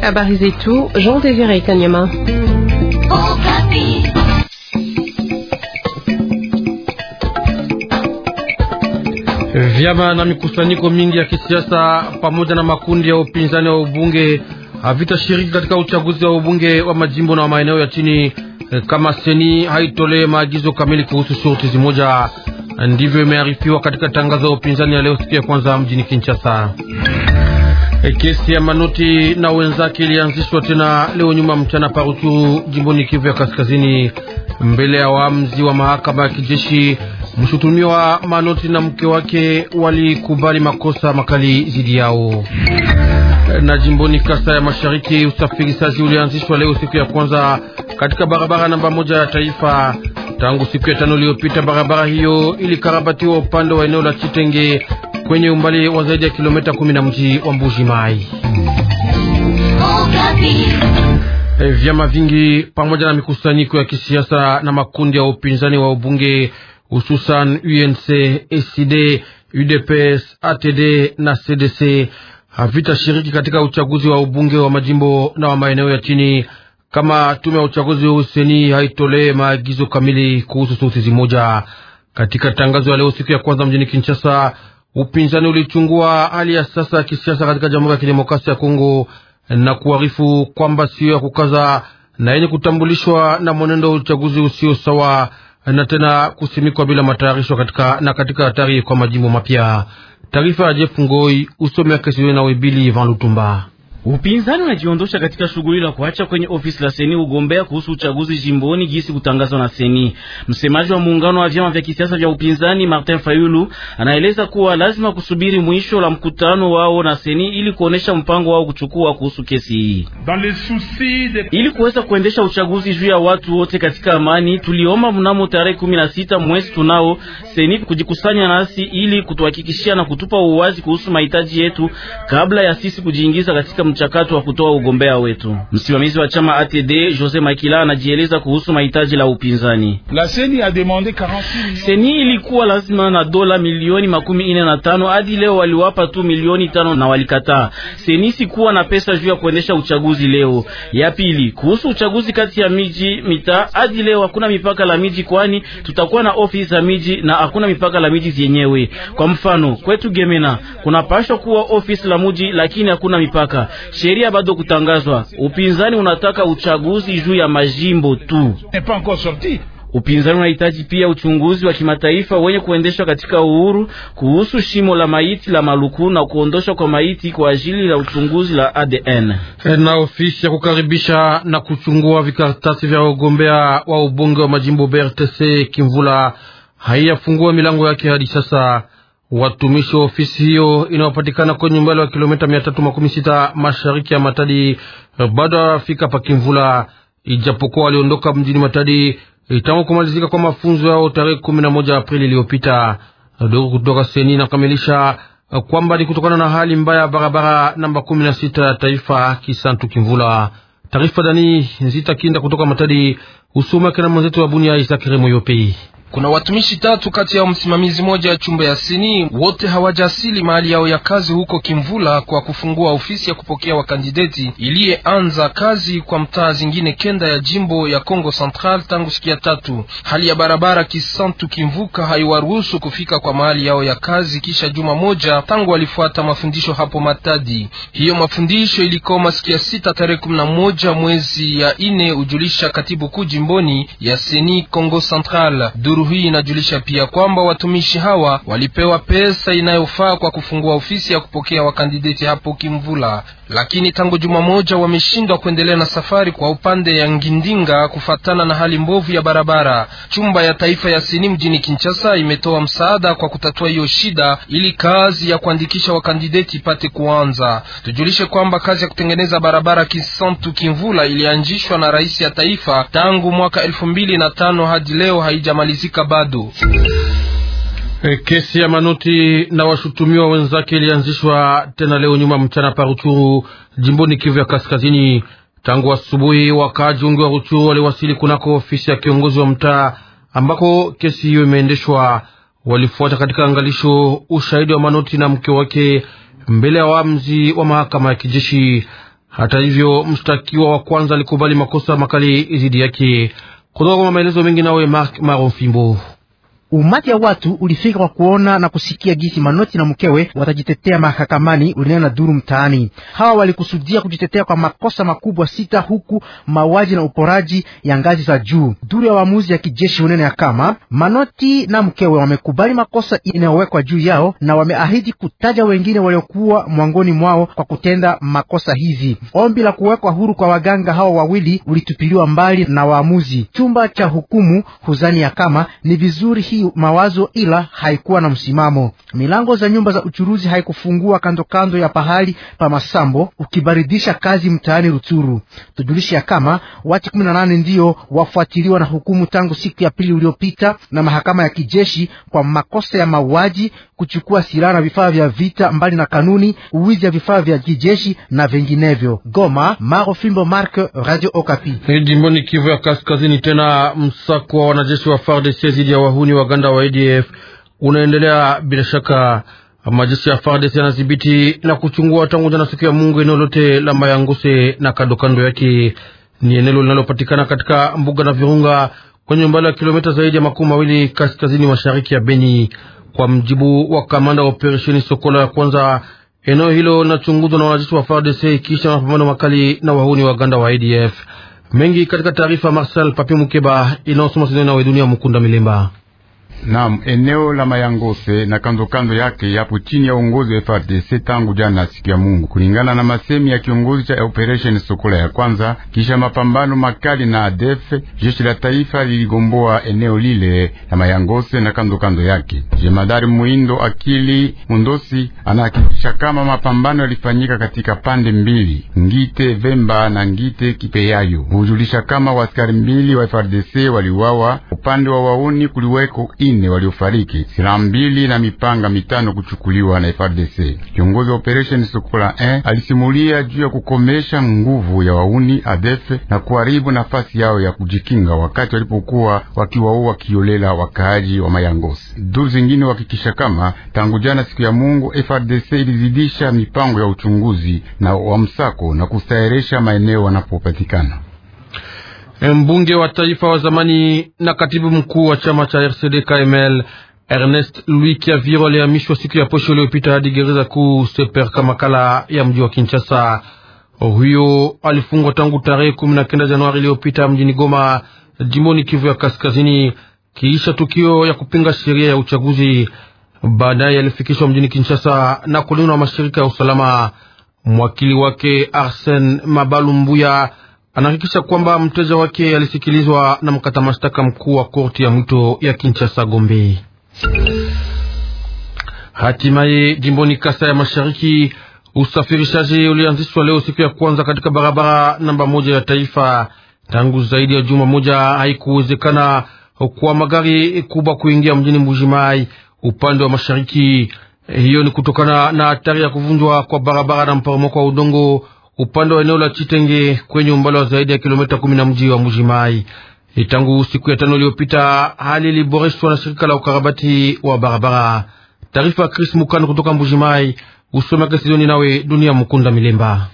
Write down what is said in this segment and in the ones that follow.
Habari zetu Jean Désiré Kanyama. Vyama na mikusanyiko mingi ya kisiasa pamoja na makundi ya upinzani wa ubunge havitashiriki katika uchaguzi wa ubunge wa majimbo na wa maeneo ya chini eh, kama seni haitolee maagizo kamili kuhusu shurti zimoja. Ndivyo imearifiwa katika tangazo ya upinzani ya leo siku ya kwanza mjini Kinshasa. E, kesi ya Manoti na wenzake ilianzishwa tena leo nyuma mchana parutu jimboni Kivu ya Kaskazini, mbele ya wamzi wa mahakama ya kijeshi. Mshutumiwa Manoti na mke wake walikubali makosa makali dhidi yao. E, na jimboni Kasa ya Mashariki, usafirishaji ulianzishwa leo siku ya kwanza katika barabara namba moja ya taifa. Tangu siku ya tano iliyopita, barabara hiyo ilikarabatiwa upande wa eneo la Chitenge kwenye umbali wa zaidi ya kilomita kumi na mji wa Mbuji Mai. E, vyama vingi pamoja na mikusanyiko ya kisiasa na makundi ya upinzani wa ubunge hususan UNC, ACD, UDPS, ATD na CDC havitashiriki katika uchaguzi wa ubunge wa majimbo na wa maeneo ya chini kama tume ya uchaguzi useni haitolee maagizo kamili kuhusu sauti moja. Katika tangazo ya leo siku ya kwanza mjini Kinshasa, Upinzani ulichungua hali ya sasa ya kisiasa katika Jamhuri ya Kidemokrasia ya Kongo na kuarifu kwamba siyo ya kukaza na yenye kutambulishwa na mwenendo wa uchaguzi usio sawa na tena kusimikwa bila matayarisho katika, na katika hatari kwa majimbo mapya. Taarifa ya Jeff Ngoi usome Kesiliwe na Webili Van Lutumba. Upinzani unajiondosha katika shughuli la kuacha kwenye ofisi la Seni ugombea kuhusu uchaguzi jimboni gisi kutangazwa na Seni. Msemaji wa muungano wa vyama vya kisiasa vya upinzani Martin Fayulu anaeleza kuwa lazima kusubiri mwisho la mkutano wao na Seni ili kuonesha mpango wao kuchukua kuhusu kesi hii. De... ili kuweza kuendesha uchaguzi juu ya watu wote katika amani, tuliomba mnamo tarehe 16 mwezi tunao Seni kujikusanya nasi ili kutuhakikishia na kutupa uwazi kuhusu mahitaji yetu kabla ya sisi kujiingiza katika mchakato wa kutoa ugombea wetu. Msimamizi wa chama ATD Jose Makila anajieleza kuhusu mahitaji la upinzani. La seni a demande 46 seni ilikuwa lazima na dola milioni makumi ine na tano hadi leo waliwapa tu milioni tano na walikataa. Seni sikuwa na pesa juu ya kuendesha uchaguzi leo. Ya pili kuhusu uchaguzi kati ya miji mitaa, hadi leo hakuna mipaka la miji, kwani tutakuwa na ofisi za miji na hakuna mipaka la miji zenyewe. Kwa mfano kwetu Gemena kunapashwa kuwa ofisi la muji, lakini hakuna mipaka sheria bado kutangazwa. Upinzani unataka uchaguzi juu ya majimbo tu. Upinzani unahitaji pia uchunguzi wa kimataifa wenye kuendeshwa katika uhuru kuhusu shimo la maiti la Maluku na kuondoshwa kwa maiti kwa ajili la uchunguzi la ADN. Na ofisi ya kukaribisha na kuchungua vikaratasi vya wagombea wa ubunge wa majimbo BRTC Kimvula haiyafungua milango yake hadi sasa. Watumishi wa ofisi hiyo inayopatikana kwenye umbali wa kilomita mia tatu makumi sita mashariki ya Matadi bado hawafika Pakimvula, ijapokuwa waliondoka mjini Matadi tangu kumalizika kwa mafunzo yao tarehe kumi na moja Aprili iliyopita. Dogo kutoka Seni inakamilisha kwamba ni kutokana na hali mbaya ya barabara namba kumi na sita ya taifa Kisantu Kimvula. Taarifa Dani Nzita Kinda kutoka Matadi. Usomake na mwenzetu wa Bunia Isakire Yopei. Kuna watumishi tatu kati ya msimamizi moja ya chumba ya sini wote hawajasili mahali yao ya kazi huko Kimvula kwa kufungua ofisi ya kupokea wakandideti iliyeanza kazi kwa mtaa zingine kenda ya jimbo ya Kongo Central tangu siku ya tatu. Hali ya barabara Kisantu Kimvuka haiwaruhusu kufika kwa mahali yao ya kazi kisha juma moja tangu walifuata mafundisho hapo Matadi. Hiyo mafundisho ilikoma siku ya sita tarehe kumi na moja mwezi ya nne, hujulisha katibu kuji jimboni ya Seni Congo Central. Duru hii inajulisha pia kwamba watumishi hawa walipewa pesa inayofaa kwa kufungua ofisi ya kupokea wakandideti hapo Kimvula, lakini tangu juma moja wameshindwa kuendelea na safari kwa upande ya Ngindinga kufatana na hali mbovu ya barabara. Chumba ya taifa ya Seni mjini Kinshasa imetoa msaada kwa kutatua hiyo shida ili kazi ya kuandikisha wakandideti ipate kuanza. Tujulishe kwamba kazi ya kutengeneza barabara Kisantu Kimvula ilianzishwa na rais ya taifa tangu tangu mwaka elfu mbili na tano hadi leo haijamalizika bado. Eh, kesi ya Manoti na washutumiwa wenzake ilianzishwa tena leo nyuma mchana pa Ruchuru, jimboni Kivu ya Kaskazini. Tangu asubuhi, wakaaji wengi wa Ruchuru waliwasili kunako ofisi ya kiongozi wa mtaa ambako kesi hiyo imeendeshwa. Walifuata katika angalisho ushahidi wa Manoti na mke wake mbele ya wa waamzi wa mahakama ya kijeshi. Hata hivyo, mshtakiwa wa kwanza alikubali makosa makali dhidi yake. Kutoka kwa maelezo mengi nawe Mark mfimbo Umati ya watu ulifika kwa kuona na kusikia gisi Manoti na mkewe watajitetea mahakamani, ulinena na duru mtaani. Hawa walikusudia kujitetea kwa makosa makubwa sita, huku mauaji na uporaji ya ngazi za juu. Duru ya waamuzi ya kijeshi unene ya kama Manoti na mkewe wamekubali makosa inayowekwa juu yao na wameahidi kutaja wengine waliokuwa mwangoni mwao kwa kutenda makosa hizi. Ombi la kuwekwa huru kwa waganga hawa wawili ulitupiliwa mbali na waamuzi. Chumba cha hukumu huzani ya kama ni vizuri hii mawazo, ila haikuwa na msimamo. Milango za nyumba za uchuruzi haikufungua kando kando ya pahali pa masambo, ukibaridisha kazi mtaani Rutshuru. tujulishi ya kama watu kumi na nane ndiyo wafuatiliwa na hukumu tangu siku ya pili uliopita na mahakama ya kijeshi kwa makosa ya mauaji kuchukua silaha na vifaa vya vita, mbali na kanuni uwizi ya vifaa vya kijeshi na vinginevyo. Goma, Maro Fimbo Mark, Radio Okapi. Jimboni Kivu ya Kaskazini, tena msako wa wanajeshi wa FARDC dhidi ya wahuni waganda wa ADF unaendelea bila shaka. Majeshi ya FARDC yanadhibiti na kuchungua tangu jana siku ya Mungu eneo lote la Mayanguse na kandokando yake. Ni eneo linalopatikana katika mbuga na Virunga kwenye umbali wa kilomita zaidi ya makumi mawili kaskazini mashariki ya Beni. Kwa mjibu wa kamanda wa operesheni Sokola ya kwanza, eneo hilo linachunguzwa na wanajeshi wa FARDC kisha mapambano makali na wahuni wa Uganda wa ADF. Mengi katika taarifa Marcel Papi Mukeba inayosoma na Wedunia Mukunda Milemba. Naam, eneo la Mayangose na kandokando yake yapo chini ya uongozi wa FARDC tangu jana siku ya Mungu, kulingana na masemi ya kiongozi cha Operation Sokola ya kwanza. Kisha mapambano makali na ADF, jeshi la taifa liligomboa eneo lile la Mayangose na kandokando yake. Jemadari Muindo Akili Mundosi anahakikisha kama mapambano yalifanyika katika pande mbili, Ngite Vemba na Ngite Kipeyayo. Hujulisha kama waskari mbili wa FARDC waliuawa upande wa wauni kuliweko ine waliofariki, silaha mbili na mipanga mitano kuchukuliwa na frdc Kiongozi wa operesheni Sokola 1 alisimulia juu ya kukomesha nguvu ya wauni adefe na kuharibu nafasi yao ya kujikinga wakati walipokuwa wakiwaua kiolela wakaaji wa Mayangosi. Duru zingine wakikisha kama tangu jana siku ya Mungu frdc ilizidisha mipango ya uchunguzi na wa msako na kustayeresha maeneo wanapopatikana. Mbunge wa taifa wa zamani na katibu mkuu wa chama cha RCD KML Ernest Louis Kiaviro aliamishwa siku ya posho iliyopita hadi gereza kuu Seper Kamakala ya mji wa Kinshasa. Huyo alifungwa tangu tarehe 19 Januari iliyopita mjini Goma, jimboni Kivu ya Kaskazini, kiisha tukio ya kupinga sheria ya uchaguzi. Baadaye alifikishwa mjini Kinshasa na kulindwa mashirika ya usalama. Mwakili wake Arsen Mabalumbuya anahakikisha kwamba mteja wake alisikilizwa na mkata mashtaka mkuu wa korti ya mwito ya Kinshasa Gombe. Hatimaye jimboni Kasa ya Mashariki, usafirishaji ulianzishwa leo siku ya kwanza katika barabara namba moja ya taifa. Tangu zaidi ya juma moja haikuwezekana kwa magari kubwa kuingia mjini Mbujimai upande wa mashariki. Hiyo ni kutokana na hatari ya kuvunjwa kwa barabara na mporomoko wa udongo upande wa eneo la Chitenge kwenye umbali wa zaidi ya kilomita kumi na mji wa Mujimai. Tangu siku ya tano iliyopita, hali iliboreshwa na shirika la ukarabati wa barabara. Taarifa ya Chris Mukan kutoka Mbujimai, usome Sidoni nawe Dunia Mukunda Milemba.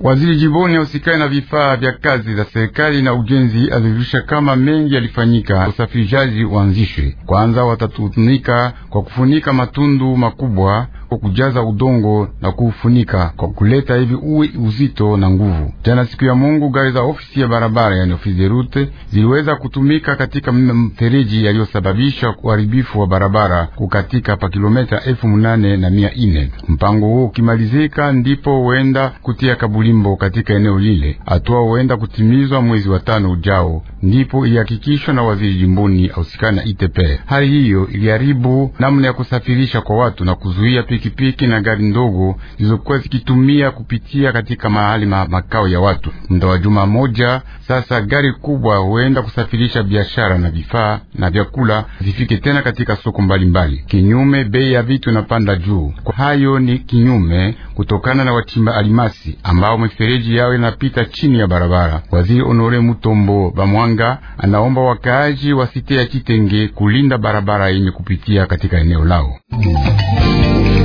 Waziri jimboni ausikae na vifaa vya kazi za serikali na ujenzi alijulisha kama mengi yalifanyika. Usafirishaji uanzishwe kwanza, watatunika kwa kufunika matundu makubwa kwa kujaza udongo na kuufunika kwa kuleta hivi uwe uzito na nguvu. Jana siku ya Mungu, gari za ofisi ya barabara, yani ofisi de route, ziliweza kutumika katika mfereji yaliyosababisha uharibifu wa barabara kukatika pa kilomita elfu munane na mia ine. Mpango huo ukimalizika, ndipo huenda kutia kabulimbo katika eneo lile. Hatua huenda kutimizwa mwezi wa tano ujao, ndipo ilihakikishwa na waziri jimboni ausikana ITP. Hali hiyo iliharibu namna ya kusafirisha kwa watu na kuzuia pikipiki na gari ndogo zilizokuwa zikitumia kupitia katika mahali ma makao ya watu. Muda wa juma moja sasa, gari kubwa huenda kusafirisha biashara na vifaa na vyakula zifike tena katika soko mbalimbali mbali. Kinyume bei ya vitu inapanda juu, kwa hayo ni kinyume kutokana na wachimba alimasi ambao mifereji yao inapita chini ya barabara. Waziri Honore Mutombo Bamwanga anaomba wakaaji wa site ya Kitenge kulinda barabara yenye kupitia katika eneo lao.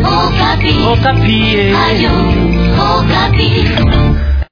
Okapi. Okapi. Eh.